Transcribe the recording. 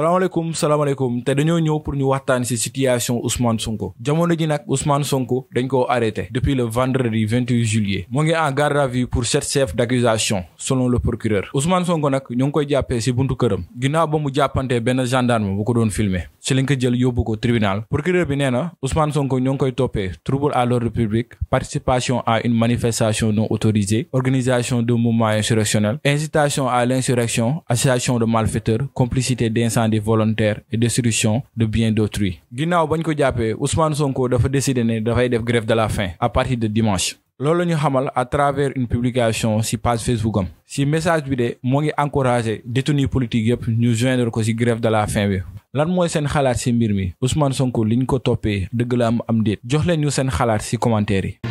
salam salam te dañoo ñëw pour ñu waxtaan ci situation Ousmane Sonko jamono ji nag Ousmane Sonko dañ été arrêté depuis le vendredi 28 juillet Il ngi en garde à vue pour sept chefs d'accusation selon le procureur Ousmane Sonko nag ñu ngi koy jàppee ci buntu këram ginnaaw ba mu jàppante benn gendarme bu ko doon ci lañ ko jël yóbbu ko tribunal procureur bi nee Ousmane Sonko ñoo ngi koy toppee trouble à l'ordre public participation à une manifestation non autorisée organisation de mouvements insurrectionnels incitation à l'insurrection association de malfaiteurs complicité d'incendie volontaire et destruction de biens d'autrui ginnaaw bañ ko jàppee Ousmane Sonko dafa décidé de faire def grève de la faim à partir de dimanche loolu la ñu xamal à travers une publication ci page Facebook am ci message bi de moo ngi encourager détenus politiques yépp ñu joindre ko la grève de la faim lan mooy seen xalaat si mbir mi Ousmane Sonko liñ ko toppee dëgg la am am déet jox leen ñu seen xalaat si commentaire yi.